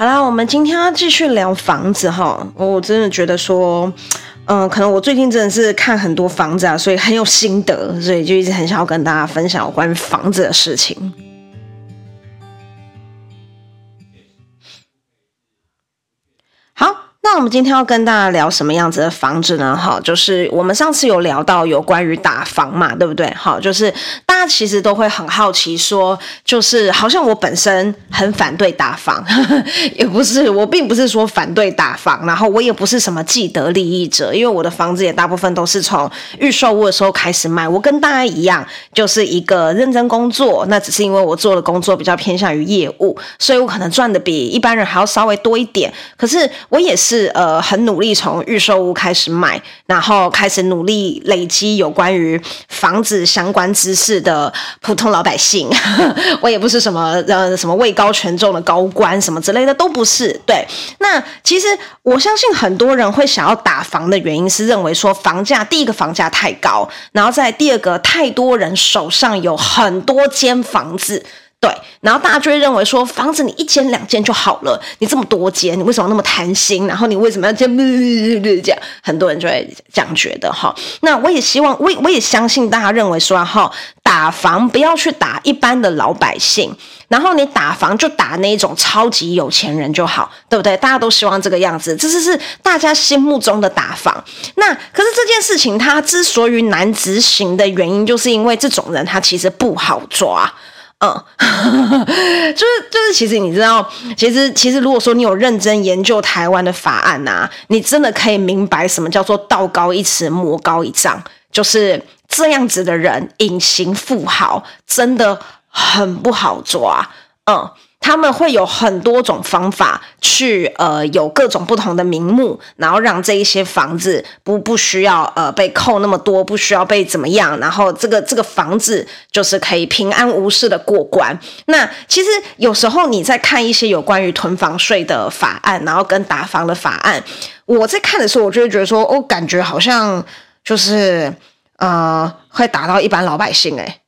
好啦，我們今天要繼續聊房子哈、哦。我真的覺得說，嗯、呃，可能我最近真的是看很多房子啊，所以很有心得，所以就一直很想要跟大家分享有關於房子的事情。我們今天要跟大家聊什麼樣子的房子呢？哈，就是我們上次有聊到有關於打房嘛，對不對？好，就是大家其實都會很好奇說，說就是好像我本身很反對打房，呵呵，也不是，我並不是說反對打房，然後我也不是什麼既得利益者，因為我的房子也大部分都是從預售屋的時候開始賣，我跟大家一樣，就是一個認真工作，那只是因為我做的工作比較偏向於業務，所以我可能賺的比一般人還要稍微多一點，可是我也是。呃，很努力從預售屋開始買，然後開始努力累積有關於房子相關知識的普通老百姓。 我也不是什麼呃什麼位高權重的高官什麼之類的，都不是。對，那其實我相信很多人會想要打房的原因是認為說，房價，第一個房價太高，然後在第二個太多人手上有很多間房子。對，然後大家就會認為說，房子你一間兩間就好了，你這麼多間，你為什麼那麼貪心？然後你為什麼要這樣？這樣，很多人就會這樣覺得哈、哦。那我也希望，我我也相信大家認為說哈，打房不要去打一般的老百姓，然後你打房就打那種超級有錢人就好，對不對？大家都希望這個樣子，這是是大家心目中的打房。那可是這件事情它之所以難執行的原因，就是因為這種人他其實不好抓。嗯、 就是，就是就是，其實你知道，其實其實，如果說你有認真研究台灣的法案吶、啊，你真的可以明白什麼叫做道高一尺，魔高一丈，就是這樣子的人，隱形富豪真的很不好抓，嗯。他們會有很多種方法去，呃，有各種不同的名目，然後讓這一些房子不不需要，呃，被扣那麼多，不需要被怎麼樣，然後這個這個房子就是可以平安無事的過關。那其實有時候你在看一些有關於囤房稅的法案，然後跟打房的法案，我在看的時候，我就會覺得說，哦，感覺好像就是。呃，會打到一般老百姓哎，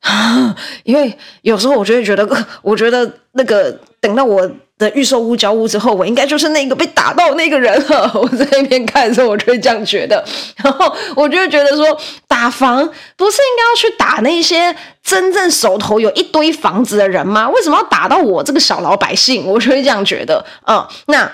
因為有時候我就會覺得，我覺得那個等到我的預售屋交屋之後，我應該就是那個被打到的那個人了。我在那邊看的時候，我就會這樣覺得，然後我就會覺得說，打房不是應該要去打那些真正手頭有一堆房子的人嗎？為什麼要打到我這個小老百姓？我就會這樣覺得，嗯、哦，那。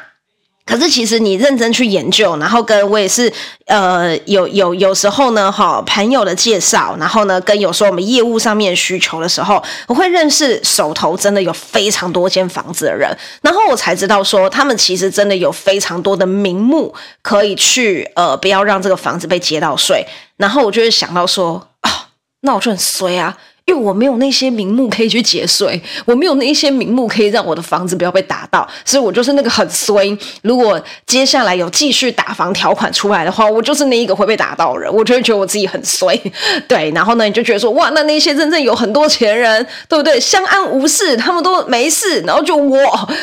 可是，其實你認真去研究，然後跟我也是，呃，有有有時候呢，哈，朋友的介紹，然後呢，跟有時候我們業務上面需求的時候，我會認識手頭真的有非常多間房子的人，然後我才知道說，他們其實真的有非常多的名目可以去，呃，不要讓這個房子被接到稅，然後我就會想到說，啊、哦，那我就很衰啊。因為我沒有那些名目可以去節稅，我沒有那一些名目可以讓我的房子不要被打到，所以我就是那個很衰。如果接下來有繼續打房條款出來的話，我就是那一個會被打到的人，我就會覺得我自己很衰。對，然後呢，你就覺得說，哇，那那些真正有很多錢人，對不對，相安無事，他們都沒事，然後就我，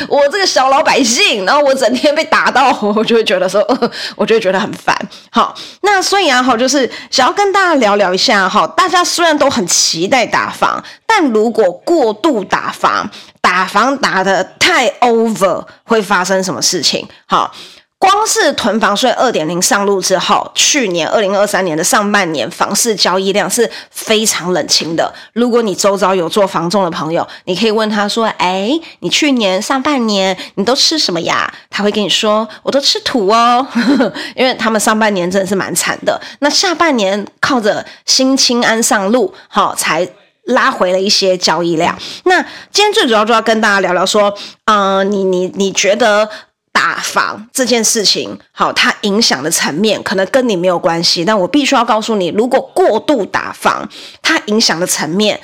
我這個小老百姓，然後我整天被打到，我就會覺得說，呃，我就會覺得很煩。好，那所以啊，哈，就是想要跟大家聊聊一下哈，大家雖然都很期待。.打房，但如果過度打房，打房打得太 over，會發生什麼事情？好，光是囤房稅二點零上路之後，去年二零二三年的上半年房市交易量是非常冷清的。如果你周遭有做房仲的朋友，你可以問他說：“誒、哎、你去年上半年你都吃什麼呀？”他會跟你說：“我都吃土哦， 因為他們上半年真的是蠻慘的。那下半年靠着新青安上路，好才。”拉回了一些交易量。那今天最主要就要跟大家聊聊說，嗯、呃，你你你覺得打房這件事情，好，它影響的層面可能跟你沒有關係，但我必須要告訴你，如果過度打房，它影響的層面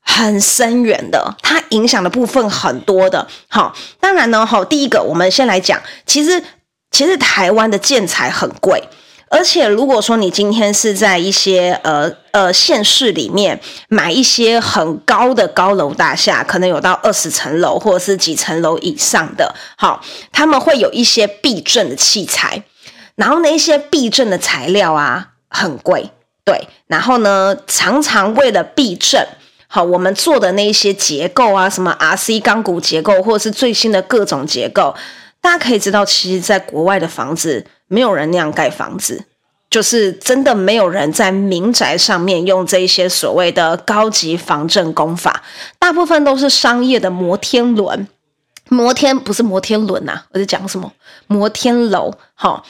很深遠的，它影響的部分很多的。好，當然呢，好，第一個我們先來講，其實其實台灣的建材很貴。而且，如果說你今天是在一些呃呃縣市裡面買一些很高的高樓大廈，可能有到二十層樓或者是幾層樓以上的，好，他們會有一些避震的器材，然後那一些避震的材料啊很貴，對，然後呢，常常為了避震，好，我們做的那一些結構啊，什麼 RC 鋼骨結構，或者是最新的各種結構。大家可以知道，其實，在國外的房子沒有人那樣蓋房子，就是真的沒有人在民宅上面用這些所謂的高級防震工法，大部分都是商業的摩天輪，摩天不是摩天輪吶、啊，我在講什麼？摩天樓，好、哦。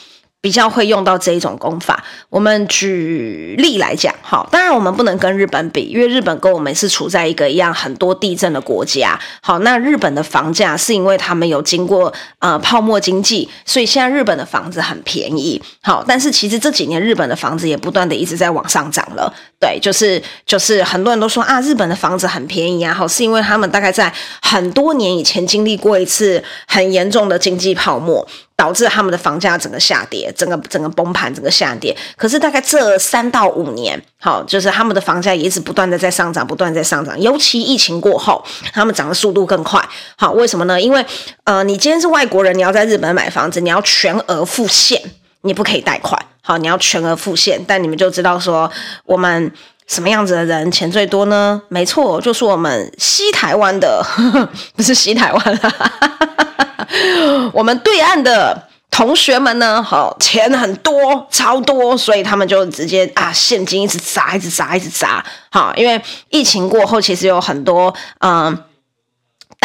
比較會用到這一種工法。我們舉例來講，好，當然我們不能跟日本比，因為日本跟我們是處在一個一樣很多地震的國家。好，那日本的房價是因為他們有經過、呃、泡沫經濟，所以現在日本的房子很便宜。好，但是其實這幾年日本的房子也不斷的一直在往上漲了。對，就是就是很多人都說啊，日本的房子很便宜啊，好，是因為他們大概在很多年以前經歷過一次很嚴重的經濟泡沫。導致他們的房價整個下跌，整個整個崩盤，整個下跌。可是大概這三到五年，好，就是他們的房價一直不斷的在上漲，不斷在上漲。尤其疫情過後，他們漲的速度更快。好，為什麼呢？因為呃，你今天是外國人，你要在日本買房子，你要全額付現，你不可以貸款。好，你要全額付現。但你們就知道說我們。什麼樣子的人錢最多呢？沒錯，就是我們西台灣的，呵呵不是西台灣啦、啊， 我們對岸的同學們呢，哈，錢很多，超多，所以他們就直接啊，現金一直砸，一直砸，一直砸，哈，因為疫情過後，其實有很多，嗯。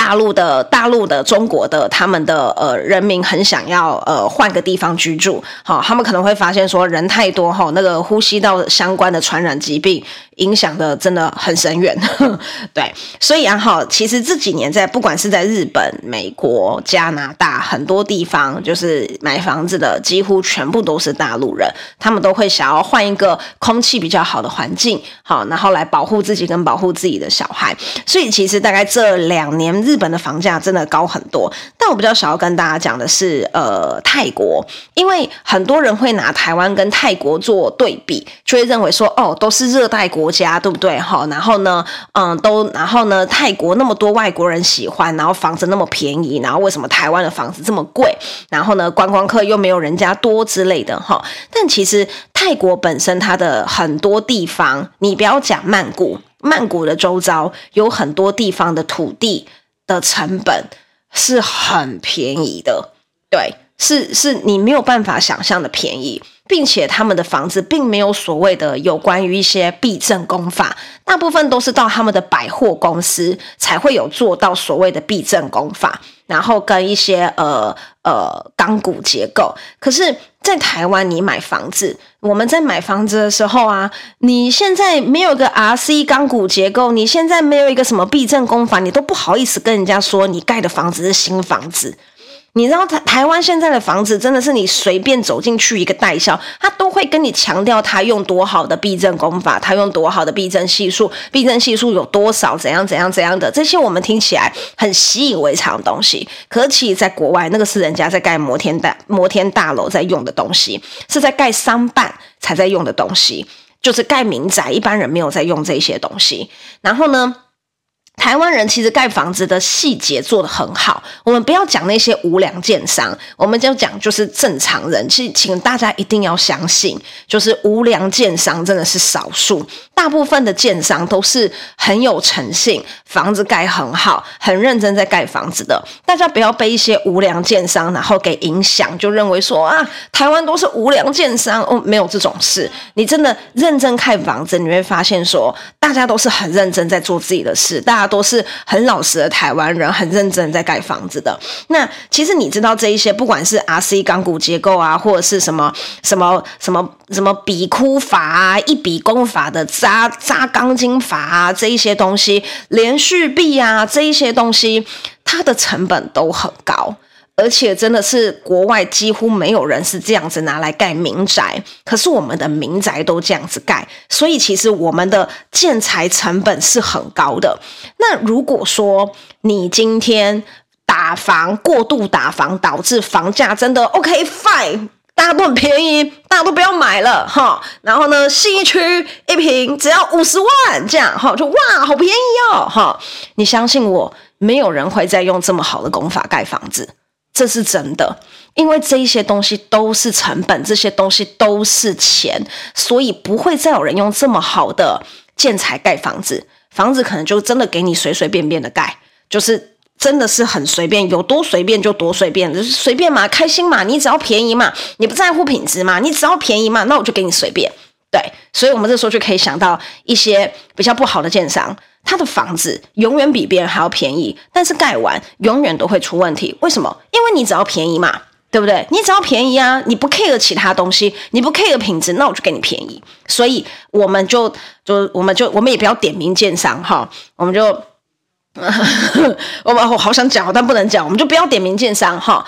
大陸的大陸的中國的他們的呃人民，很想要呃換個地方居住，好、哦，他們可能會發現說人太多哈、哦，那個呼吸道相關的傳染疾病影響的真的很深遠，呵呵對，所以啊哈，其實這幾年在不管是在日本、美國、加拿大很多地方，就是買房子的幾乎全部都是大陸人，他們都會想要換一個空氣比較好的環境，好、哦，然後來保護自己跟保護自己的小孩，所以其實大概這兩年。日本的房價真的高很多，但我比較想要跟大家講的是，呃，泰國，因為很多人會拿台灣跟泰國做對比，就會認為說，哦，都是熱帶國家，對不對？齁，然後呢，嗯，都，然後呢，泰國那麼多外國人喜歡，然後房子那麼便宜，然後為什麼台灣的房子這麼貴？然後呢，觀光客又沒有人家多之類的，齁。但其實泰國本身它的很多地方，你不要講曼谷，曼谷的周遭有很多地方的土地。的成本是很便宜的。對，是是你沒有辦法想象的便宜，並且他們的房子並沒有所謂的有關於一些避震工法，大部分都是到他們的百貨公司才會有做到所謂的避震工法，然後跟一些呃呃鋼骨結構。可是在台灣你買房子。我們在買房子的時候啊，你現在沒有個 RC 鋼骨結構，你現在沒有一個什麼避震工法，你都不好意思跟人家說你蓋的房子是新房子。你知道台台灣現在的房子真的是，你隨便走進去一個代銷，他都會跟你強調他用多好的避震工法，他用多好的避震係數，避震係數有多少，怎樣怎樣怎樣的這些我們聽起來很習以為常的東西，可是其實在國外那個是人家在蓋摩天大摩天大樓在用的東西，是在蓋商辦才在用的東西，就是蓋民宅一般人沒有在用這些東西。然後呢？台灣人其實蓋房子的細節做得很好，我們不要講那些無良建商，我們就講就是正常人。請請大家一定要相信，就是無良建商真的是少數。大部分的建商都是很有誠信，房子蓋很好，很認真在蓋房子的。大家不要被一些無良建商然後給影響，就認為說啊，台灣都是無良建商哦，沒有這種事。你真的認真看房子，你會發現說，大家都是很認真在做自己的事，大家都是很老實的台灣人，很認真在蓋房子的。那其實你知道這一些，不管是 RC 港股結構啊，或者是什麼什麼什麼什麼比哭法啊，一筆功法的債。啊，扎鋼筋法啊，這一些東西，連續壁啊，這一些東西，它的成本都很高，而且真的是國外幾乎沒有人是這樣子拿來蓋民宅，可是我們的民宅都這樣子蓋，所以其實我們的建材成本是很高的。那如果說你今天打房，過度打房，導致房價真的 OK fine。大家都很便宜，大家都不要買了哈。然後呢，西區一坪只要五十萬，這樣哈，就哇，好便宜哦哈。你相信我，沒有人會再用這麼好的工法蓋房子，這是真的。因為這一些東西都是成本，這些東西都是錢，所以不會再有人用這麼好的建材蓋房子。房子可能就真的給你隨隨便便的蓋，就是。真的是很隨便，有多隨便就多隨便，就是隨便嘛，開心嘛，你只要便宜嘛，你不在乎品質嘛，你只要便宜嘛，那我就給你隨便。對，所以我們這時候就可以想到一些比較不好的建商，他的房子永遠比別人還要便宜，但是蓋完永遠都會出問題。為什麼？因為你只要便宜嘛，對不對？你只要便宜啊，你不 care 其他東西，你不 care 品質，那我就給你便宜。所以我們就就我們就，我們也不要點名建商哈，我們就。我 我好想講，但不能講，我們就不要點名建商哈。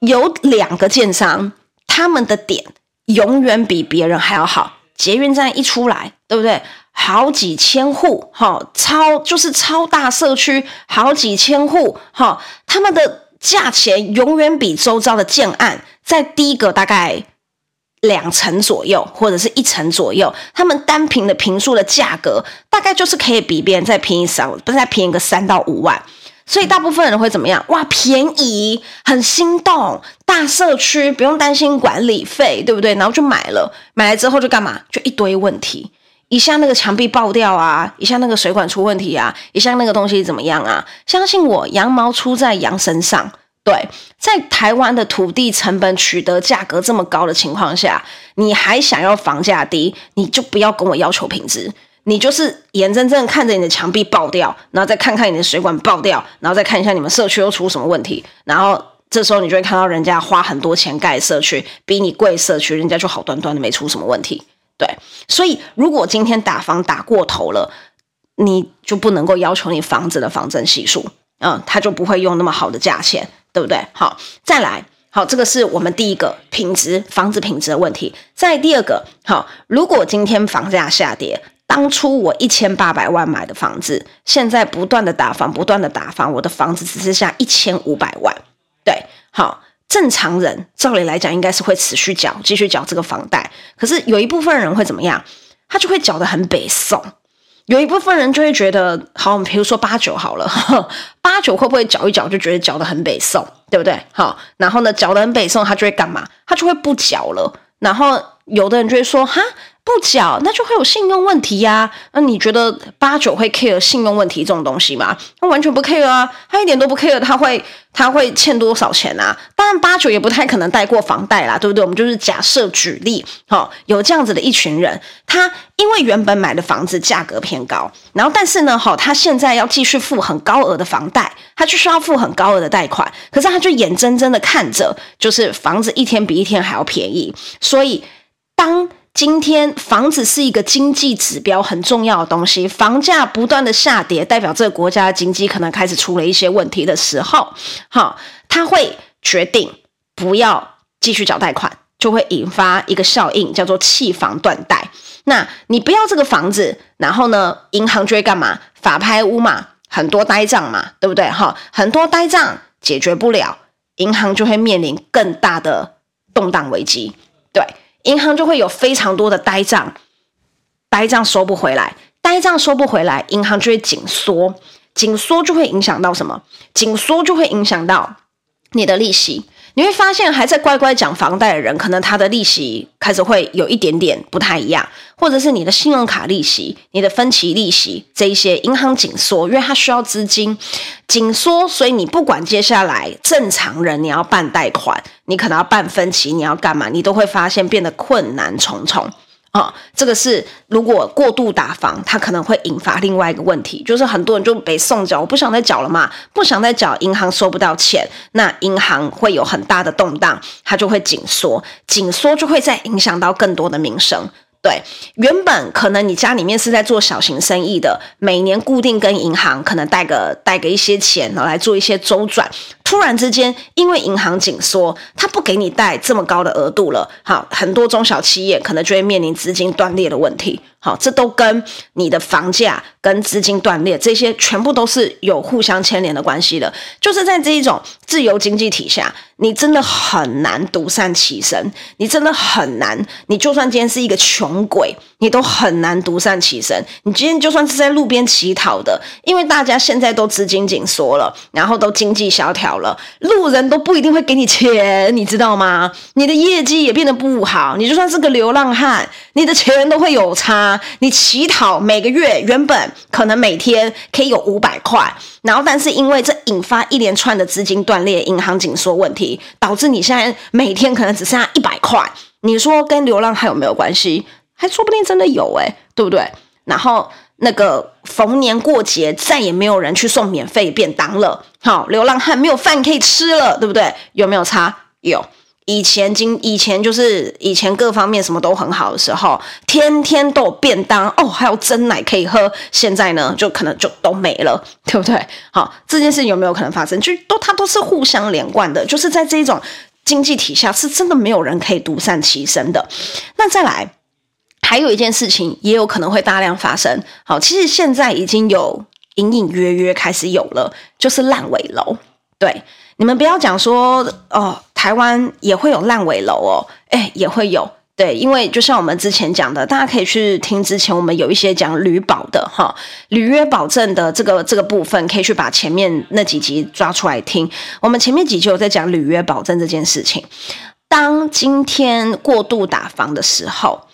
有兩個建商，他們的點永遠比別人還要好。捷運站一出來，對不對？好幾千戶哈，超就是超大社區，好幾千戶哈，他們的價錢永遠比周遭的建案再低一個大概。兩層左右，或者是一層左右，他們單坪的坪數的價格，大概就是可以比別人再便宜三，不是再便宜個三到五萬。所以大部分人會怎麼樣？哇，便宜，很心動，大社區，不用擔心管理費，對不對？然後就買了，買了之後就幹嘛？就一堆問題，一下那個牆壁爆掉啊，一下那個水管出問題啊，一下那個東西怎麼樣啊？相信我，羊毛出在羊身上。對，在台灣的土地成本取得價格這麼高的情況下，你還想要房價低，你就不要跟我要求品質。你就是眼睜睜看着你的牆壁爆掉，然後再看看你的水管爆掉，然後再看一下你們社區又出什麼問題，然後這時候你就會看到人家花很多錢蓋社區，比你貴社區，人家就好端端的沒出什麼問題。對，所以如果今天打房打過頭了，你就不能夠要求你房子的防震係數。嗯，他就不會用那麼好的價錢，對不對？好，再來，好，這個是我們第一個品質房子品質的問題。再第二個，好，如果今天房價下跌，當初我一千八百萬買的房子，現在不斷的打房，不斷的打房，我的房子只是下一千五百萬，對，好，正常人照理來講應該是會持續繳，繼續繳這個房貸。可是有一部分人會怎麼樣？他就會繳得很北宋。有一部分人就會覺得，好，我們比如說八九好了，呵，八九會不會攪一攪就覺得攪的很北宋，對不對？好，然後呢，攪的很北宋，他就會幹嘛？他就會不攪了。然後有的人就會說，哈。不繳，那就會有信用問題呀、啊。那、啊、你覺得八九會 care 信用問題這種東西嗎？他、啊、完全不 care 啊，他一點都不 care。他會他會欠多少錢啊？當然八九也不太可能貸過房貸啦，對不對？我們就是假設舉例，哈、哦，有這樣子的一群人，他因為原本買的房子價格偏高，然後但是呢，哈、哦，他現在要繼續付很高額的房貸，他就是要付很高額的貸款，可是他就眼睜睜的看着，就是房子一天比一天還要便宜，所以當。今天房子是一個經濟指標很重要的東西，房價不斷的下跌，代表這個國家的經濟可能開始出了一些問題的時候，哈，他會決定不要繼續繳貸款，就會引發一個效應，叫做棄房斷貸。那你不要這個房子，然後呢，銀行就會幹嘛？法拍屋嘛，很多呆賬嘛，對不對？哈，很多呆賬解決不了，銀行就會面臨更大的動盪危機，對。銀行就會有非常多的呆賬，呆賬收不回來，呆賬收不回來，銀行就會緊縮，緊縮就會影響到什麼？緊縮就會影響到你的利息。你會發現，還在乖乖講房貸的人，可能他的利息開始會有一點點不太一樣，或者是你的信用卡利息、你的分期利息這一些，銀行緊縮，因為它需要資金緊縮，所以你不管接下來正常人你要辦貸款，你可能要辦分期，你要幹嘛，你都會發現變得困難重重。啊、哦，這個是如果過度打房，它可能會引發另外一個問題，就是很多人就被送走。我不想再繳了嘛，不想再繳，銀行收不到錢，那銀行會有很大的動盪，它就會緊縮，緊縮就會再影響到更多的民生。對，原本可能你家裡面是在做小型生意的，每年固定跟銀行可能貸個貸個一些錢，然後來做一些周轉。突然之間，因為銀行緊縮，他不給你貸這麼高的額度了，好，很多中小企業可能就會面臨資金斷裂的問題。好，這都跟你的房價、跟資金斷裂，這些全部都是有互相牽連的關係的。就是在這一種自由經濟體下，你真的很難獨善其身，你真的很難。你就算今天是一個窮鬼。你都很難獨善其身。你今天就算是在路邊乞討的，因為大家現在都資金緊縮了，然後都經濟蕭條了，路人都不一定會給你錢，你知道嗎？你的業績也變得不好，你就算是個流浪漢，你的錢都會有差。你乞討每個月原本可能每天可以有五百塊，然後但是因為這引發一連串的資金斷裂、銀行緊縮問題，導致你現在每天可能只剩下一百塊。你說跟流浪漢有沒有關係？還說不定真的有誒、欸、對不對？然後那個逢年過節再也沒有人去送免費便當了，好，流浪漢沒有飯可以吃了，對不對？有沒有差？有。以前經以前就是以前各方面什麼都很好的時候，天天都有便當哦，還有珍奶可以喝。現在呢，就可能就都沒了，對不對？好，這件事有沒有可能發生？就都它都是互相連貫的，就是在這種經濟體下，是真的沒有人可以獨善其身的。那再來。還有一件事情也有可能會大量發生。好，其實現在已經有隱隱約約開始有了，就是爛尾樓。對，你們不要講說哦，台灣也會有爛尾樓哦，哎，也會有。對，因為就像我們之前講的，大家可以去聽之前我們有一些講履保的哈，履約保證的這個這個部分，可以去把前面那幾集抓出來聽。我們前面幾集有在講履約保證這件事情。當今天過度打房的時候。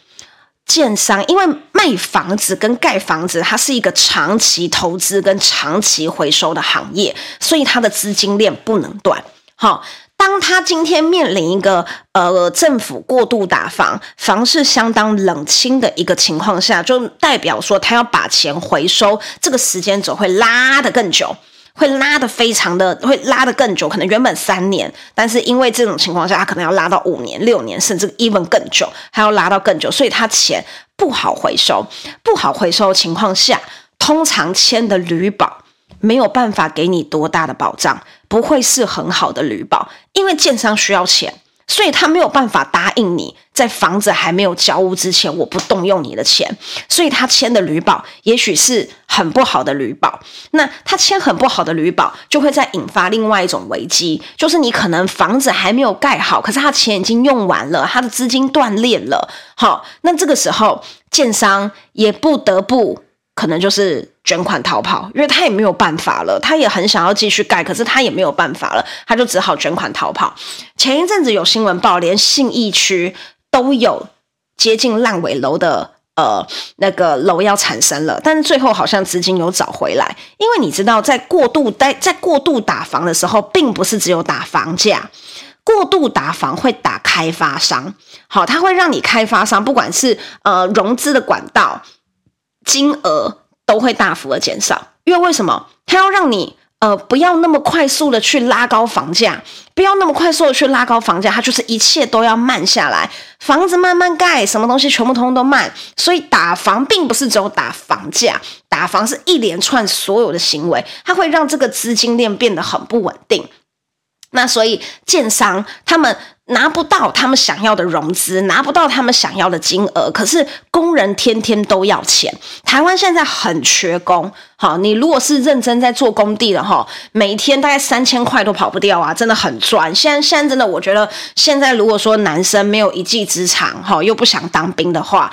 建商因為賣房子跟蓋房子，它是一個長期投資跟長期回收的行業，所以它的資金鏈不能斷。好、哦，當他今天面臨一個呃政府過度打房，房市相當冷清的一個情況下，就代表說他要把錢回收，這個時間軸會拉得更久。會拉得非常的，會拉得更久，可能原本三年，但是因為這種情況下，他可能要拉到五年、六年，甚至 even 更久，還要拉到更久，所以他錢不好回收。不好回收的情況下，通常簽的履保沒有辦法給你多大的保障，不會是很好的履保，因為建商需要錢。所以他沒有辦法答應你，在房子還沒有交屋之前，我不動用你的錢。所以他簽的履保，也許是很不好的履保。那他簽很不好的履保，就會再引發另外一種危機，就是你可能房子還沒有蓋好，可是他的錢已經用完了，他的資金斷裂了。好，那這個時候建商也不得不。可能就是捲款逃跑，因為他也沒有辦法了，他也很想要繼續蓋，可是他也沒有辦法了，他就只好捲款逃跑。前一陣子有新聞報，連信義區都有接近爛尾樓的，呃，那個樓要產生了，但是最後好像資金有找回來，因為你知道，在過度待在，在過度打房的時候，並不是只有打房價，過度打房會打開發商，好，它，會讓你開發商不管是呃融資的管道，金額都會大幅的減少，因為為什麼？他要讓你呃不要那麼快速的去拉高房價，不要那麼快速的去拉高房價，它就是一切都要慢下來，房子慢慢蓋，什麼東西全部通通都慢。所以打房並不是只有打房價，打房是一連串所有的行為，它會讓這個資金鏈變得很不穩定。那所以建商他們。拿不到他們想要的融資，拿不到他們想要的金額。可是工人天天都要錢，台灣現在很缺工。好，你如果是認真在做工地的哈，每天大概三千塊都跑不掉啊，真的很賺。現在現在真的，我覺得現在如果說男生沒有一技之長，哈，又不想當兵的話，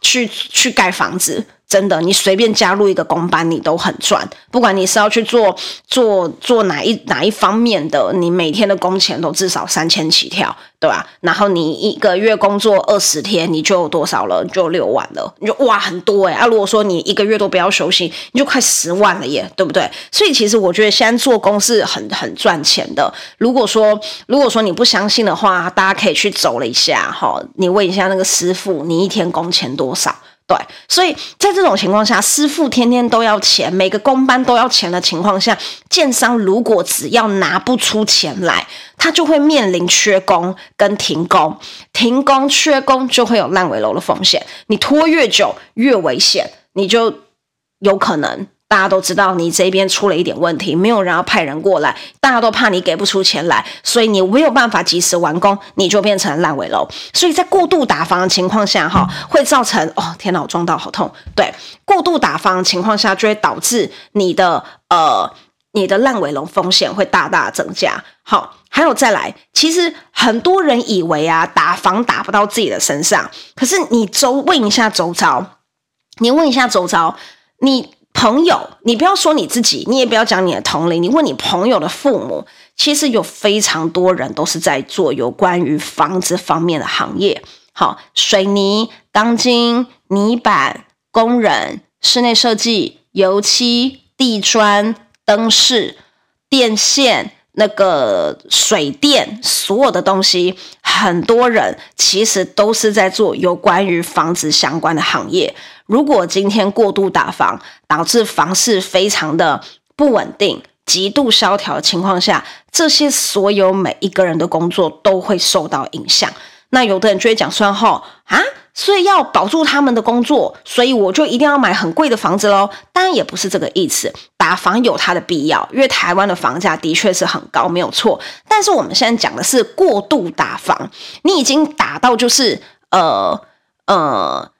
去去蓋房子。真的，你隨便加入一個工班，你都很賺。不管你是要去做做做哪一哪一方面的，你每天的工錢都至少三千起跳，對吧？然後你一個月工作二十天，你就有多少了？就六萬了。你就哇，很多哎。那，啊，如果說你一個月都不要休息，你就快十萬了耶，對不對？所以其實我覺得現在做工是很很賺錢的。如果說如果說你不相信的話，大家可以去走了一下哈。你問一下那個師傅，你一天工錢多少？對，所以在這種情況下，師傅天天都要錢，每個工班都要錢的情況下，建商如果只要拿不出錢來，他就會面臨缺工跟停工，停工缺工就會有爛尾樓的風險。你拖越久越危險，你就有可能。大家都知道你這邊出了一點問題，沒有人要派人過來，大家都怕你給不出錢來，所以你沒有辦法及時完工，你就變成爛尾樓。所以在過度打房的情況下，哈，會造成哦，天哪，我撞到，好痛！對，過度打房的情況下就會導致你的呃，你的爛尾樓風險會大大增加。好，還有再來，其實很多人以為啊，打房打不到自己的身上，可是你周問一下周遭，你問一下周遭，你。朋友，你不要說你自己，你也不要講你的同齡，你問你朋友的父母，其實有非常多人都是在做有關於房子方面的行業，好，水泥、鋼筋、泥板、工人、室內設計、油漆、地磚、燈飾、電線。那個水電所有的東西，很多人其實都是在做有關於房子相關的行業。如果今天過度打房，導致房市非常的不穩定、極度蕭條的情況下，這些所有每一個人的工作都會受到影響。那有的人就會講算後啊？所以要保住他們的工作，所以我就一定要買很貴的房子嘍。當然也不是這個意思，打房有它的必要，因為台灣的房價的確是很高，沒有錯。但是我們現在講的是過度打房，你已經打到就是呃呃，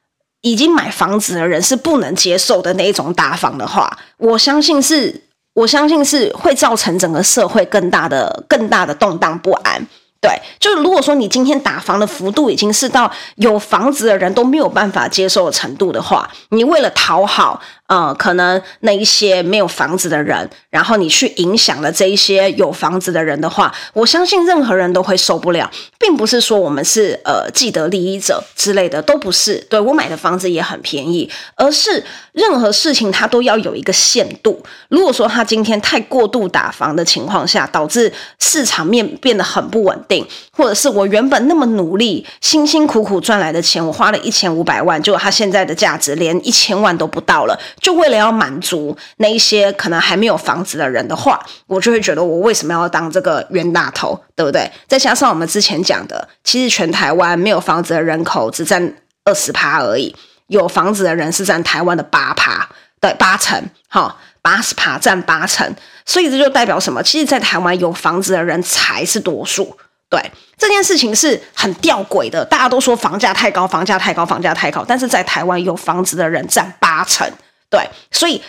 已經買房子的人是不能接受的那一種打房的話，我相信是，我相信是會造成整個社會更大的、更大的動盪不安。對，就是如果說你今天打房的幅度已經是到有房子的人都沒有辦法接受的程度的話，你為了討好。呃，可能那一些沒有房子的人，然後你去影響了這一些有房子的人的話，我相信任何人都會受不了。並不是說我們是呃既得利益者之類的，都不是。對我買的房子也很便宜，而是任何事情它都要有一個限度。如果說他今天太過度打房的情況下，導致市場面變得很不穩定，或者是我原本那麼努力、辛辛苦苦賺來的錢，我花了一千五百萬，就他現在的價值連一千萬都不到了。就為了要滿足那一些可能還沒有房子的人的話，我就會覺得我為什麼要當這個冤大頭，對不對？再加上我們之前講的，其實全台灣沒有房子的人口只占二十趴而已，有房子的人是占台灣的八趴，對，八成，哈、哦，八十趴占八成，所以這就代表什麼？其實，在台灣有房子的人才是多數，對，這件事情是很吊詭的。大家都說房價太高，房價太高，房價太高，但是在台灣有房子的人占八成。對，所以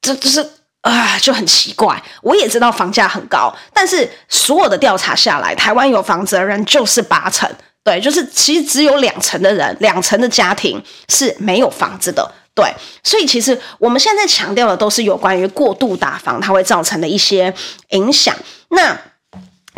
這就是啊、呃，就很奇怪。我也知道房價很高，但是所有的調查下來，台灣有房子的人就是八成，對，就是其實只有兩成的人，兩成的家庭是沒有房子的。對，所以其實我們現在強調的都是有關於過度打房，它會造成的一些影響。那，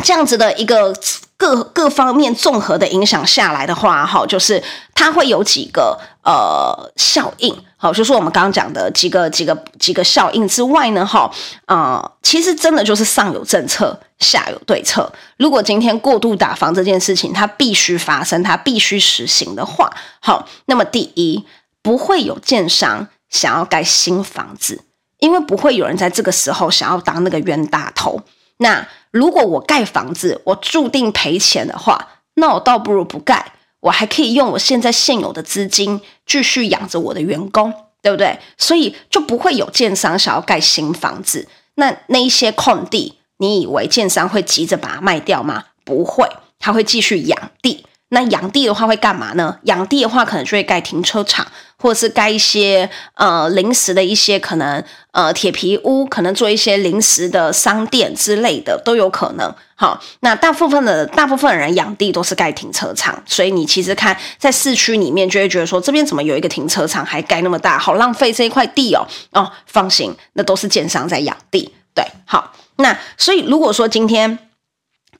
這樣子的一個。各各方面綜合的影響下來的話，哈、哦，就是它會有幾個呃效應，好、哦，就是我們剛剛講的幾個幾個幾個效應之外呢，哈、哦，啊、呃，其實真的就是上有政策，下有對策。如果今天過度打房這件事情它必須發生，它必須實行的話，好、哦，那麼第一不會有建商想要蓋新房子，因為不會有人在這個時候想要當那個冤大頭。那如果我蓋房子，我注定賠錢的話，那我倒不如不蓋，我還可以用我現在現有的資金繼續養着我的員工，對不對？所以就不會有建商想要蓋新房子。那那一些空地，你以為建商會急着把它賣掉嗎？不會，他會繼續養地。那養地的話會幹嘛呢？養地的話，可能就會蓋停車場，或者是蓋一些呃臨時的一些可能呃鐵皮屋，可能做一些臨時的商店之類的都有可能。好，那大部分的大部分的人養地都是蓋停車場，所以你其實看在市區裡面，就會覺得說這邊怎麼有一個停車場還蓋那麼大，好浪費這一塊地哦。哦，放心，那都是建商在養地。對，好，那所以如果說今天，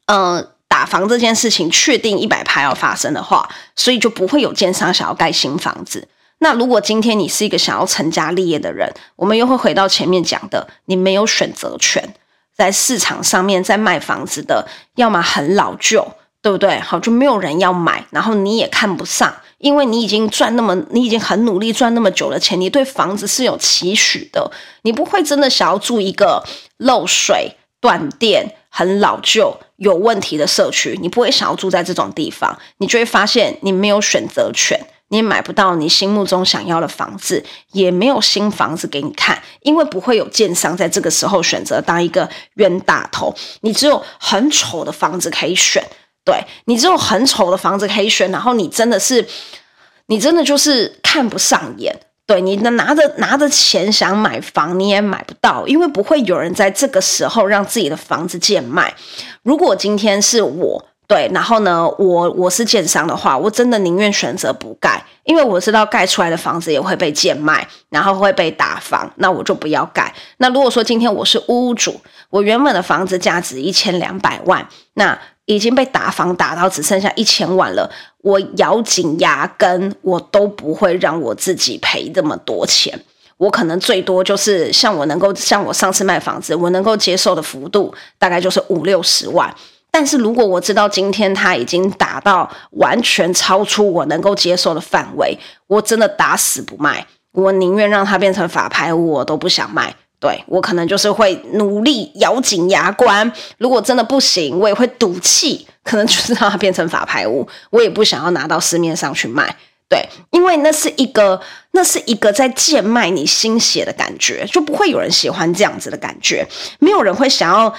嗯，呃。打房這件事情確定一百趴要發生的話，所以就不會有建商想要蓋新房子。那如果今天你是一個想要成家立業的人，我們又會回到前面講的，你沒有選擇權，在市場上面在賣房子的，要麼很老舊，對不對？好，就沒有人要買，然後你也看不上，因為你已經賺那麼，你已經很努力賺那麼久的錢，你對房子是有期許的，你不會真的想要住一個漏水、斷電、很老舊。有問題的社區，你不會想要住在這種地方，你就會發現你沒有選擇權，你也買不到你心目中想要的房子，也沒有新房子給你看，因為不會有建商在這個時候選擇當一個冤大頭，你只有很醜的房子可以選，對，你只有很醜的房子可以選，然後你真的是，你真的就是看不上眼。對，你拿着拿着錢想買房，你也買不到，因為不會有人在這個時候讓自己的房子賤賣。如果今天是我，對，然後呢，我我是建商的話，我真的寧願選擇不蓋，因為我知道蓋出來的房子也會被賤賣，然後會被打房，那我就不要蓋。那如果說今天我是屋主，我原本的房子價值一千兩百萬，那已經被打房打到只剩下一千萬了。我咬緊牙根，我都不會讓我自己賠這麼多錢。我可能最多就是像我能夠，像我上次賣房子，我能夠接受的幅度大概就是五六十萬。但是如果我知道今天它已經達到完全超出我能夠接受的範圍，我真的打死不賣。我寧願讓它變成法拍，我都不想賣。對，我可能就是會努力咬緊牙關，如果真的不行，我也會賭氣，可能就是讓它變成法拍屋。我也不想要拿到市面上去賣，對，因為那是一個，那是一個在賤賣你心血的感覺，就不會有人喜歡這樣子的感覺，沒有人會想要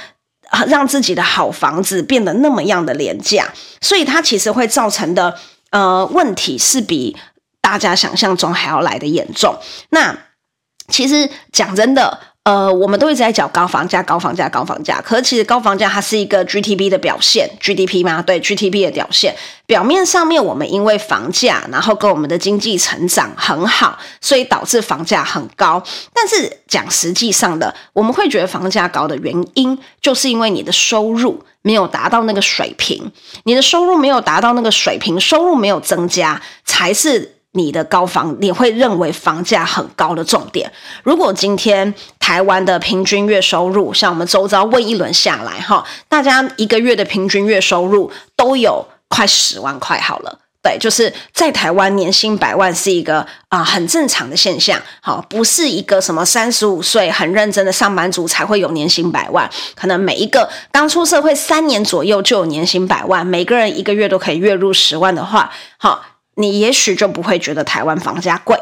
讓自己的好房子變得那麼樣的廉價，所以它其實會造成的，呃，問題是比大家想象中還要來得嚴重。那。其實講真的，呃，我們都一直在講高房價、高房價、高房價。可是其實高房價它是一個 GDP 的表現，GDP 嘛，對 GDP 的表現。表面上面我們因為房價，然後跟我們的經濟成長很好，所以導致房價很高。但是講實際上的，我們會覺得房價高的原因，就是因為你的收入沒有達到那個水平，你的收入沒有達到那個水平，收入沒有增加，才是。你的高房你會認為房價很高的重點，如果今天台灣的平均月收入，像我們周遭問一輪下來哈，大家一個月的平均月收入都有快十萬塊好了，對，就是在台灣年薪百萬是一個啊、呃、很正常的現象，好，不是一個什麼三十五歲很認真的上班族才會有年薪百萬，可能每一個剛出社會三年左右就有年薪百萬，每個人一個月都可以月入十萬的話，好。你也許就不會覺得台灣房價貴，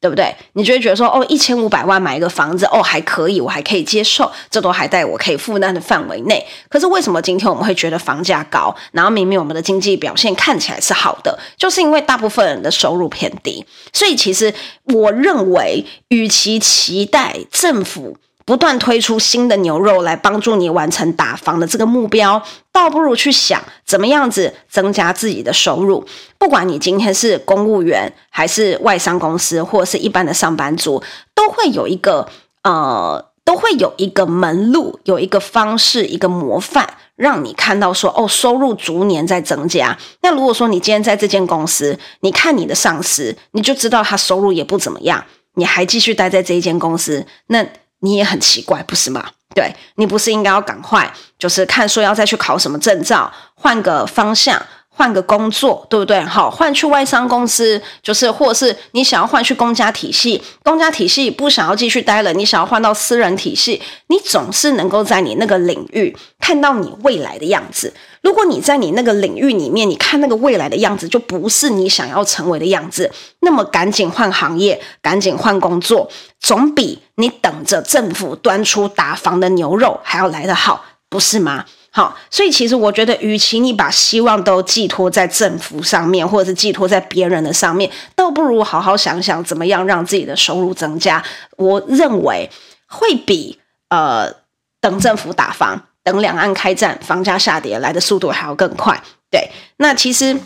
對不對？你就會覺得說，哦，一千五百萬買一個房子，哦，還可以，我還可以接受，這都還在我可以負擔的範圍內。可是為什麼今天我們會覺得房價高？然後明明我們的經濟表現看起來是好的，就是因為大部分人的收入偏低。所以其實我認為，與其期待政府，不斷推出新的牛肉來幫助你完成打房的這個目標，倒不如去想怎麼樣子增加自己的收入。不管你今天是公務員，還是外商公司，或者是一般的上班族，都會有一個呃，都會有一個門路，有一個方式，一個模範，讓你看到說哦，收入逐年在增加。那如果說你今天在這間公司，你看你的上司，你就知道他收入也不怎麼樣，你還繼續待在這一間公司，那。你也很奇怪，不是嗎？對，你不是應該要趕快，就是看說要再去考什麼證照，換個方向，換個工作，對不對？好，換去外商公司，就是或是你想要換去公家體系，公家體系不想要繼續待了，你想要換到私人體系，你總是能夠在你那個領域看到你未來的樣子。如果你在你那個領域裡面，你看那個未來的樣子，就不是你想要成為的樣子，那麼趕緊換行業，趕緊換工作，總比你等着政府端出打房的牛肉還要來得好，不是嗎？好，所以其實我覺得，與其你把希望都寄託在政府上面，或者是寄託在別人的上面，倒不如好好想想怎麼樣讓自己的收入增加。我認為會比呃等政府打房。等兩岸開戰，房價下跌來的速度還要更快。對，那其實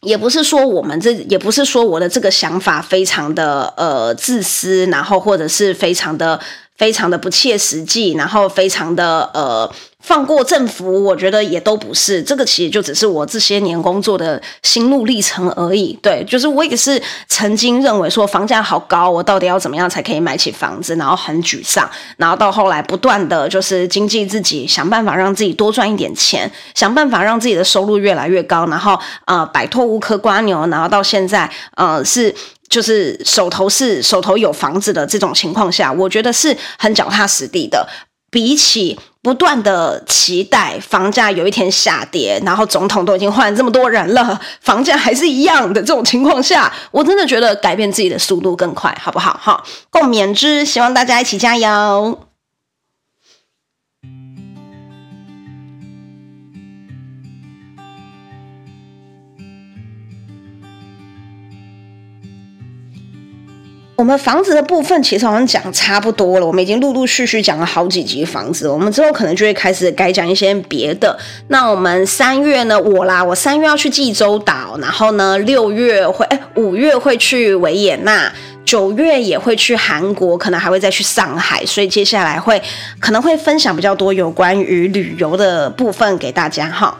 也不是說我們這，也不是說我的這個想法非常的呃自私，然後或者是非常的。非常的不切實際，然後非常的呃放過政府，我覺得也都不是這個，其實就只是我這些年工作的心路歷程而已。對，就是我也是曾經認為說房價好高，我到底要怎麼樣才可以買起房子，然後很沮喪，然後到後來不斷的就是經濟自己想辦法讓自己多賺一點錢，想辦法讓自己的收入越來越高，然後呃擺脫無殼蝸牛，然後到現在呃是。就是手頭是手頭有房子的這種情況下，我覺得是很腳踏實地的。比起不斷的期待房價有一天下跌，然後總統都已經換這麼多人了，房價還是一樣的這種情況下，我真的覺得改變自己的速度更快，好不好？哈、哦，共勉之，希望大家一起加油。我們房子的部分其實好像講差不多了，我們已經陸陸續續講了好幾集房子，我們之後可能就會開始改講一些別的。那我們三月呢，我啦，我三月要去濟州島，然後呢六月會，誒，五月會去維也納，九月也會去韓國，可能還會再去上海，所以接下來會可能會分享比較多有關於旅遊的部分給大家哈。